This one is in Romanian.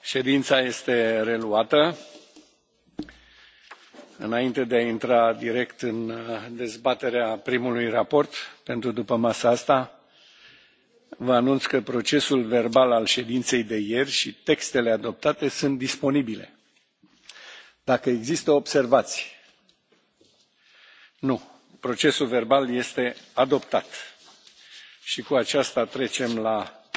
ședința este reluată. înainte de a intra direct în uh, dezbaterea primului raport pentru dupămasa asta vă anunț că procesul verbal al ședinței de ieri și textele adoptate sunt disponibile. dacă există observații? nu. procesul verbal este adoptat și cu aceasta trecem la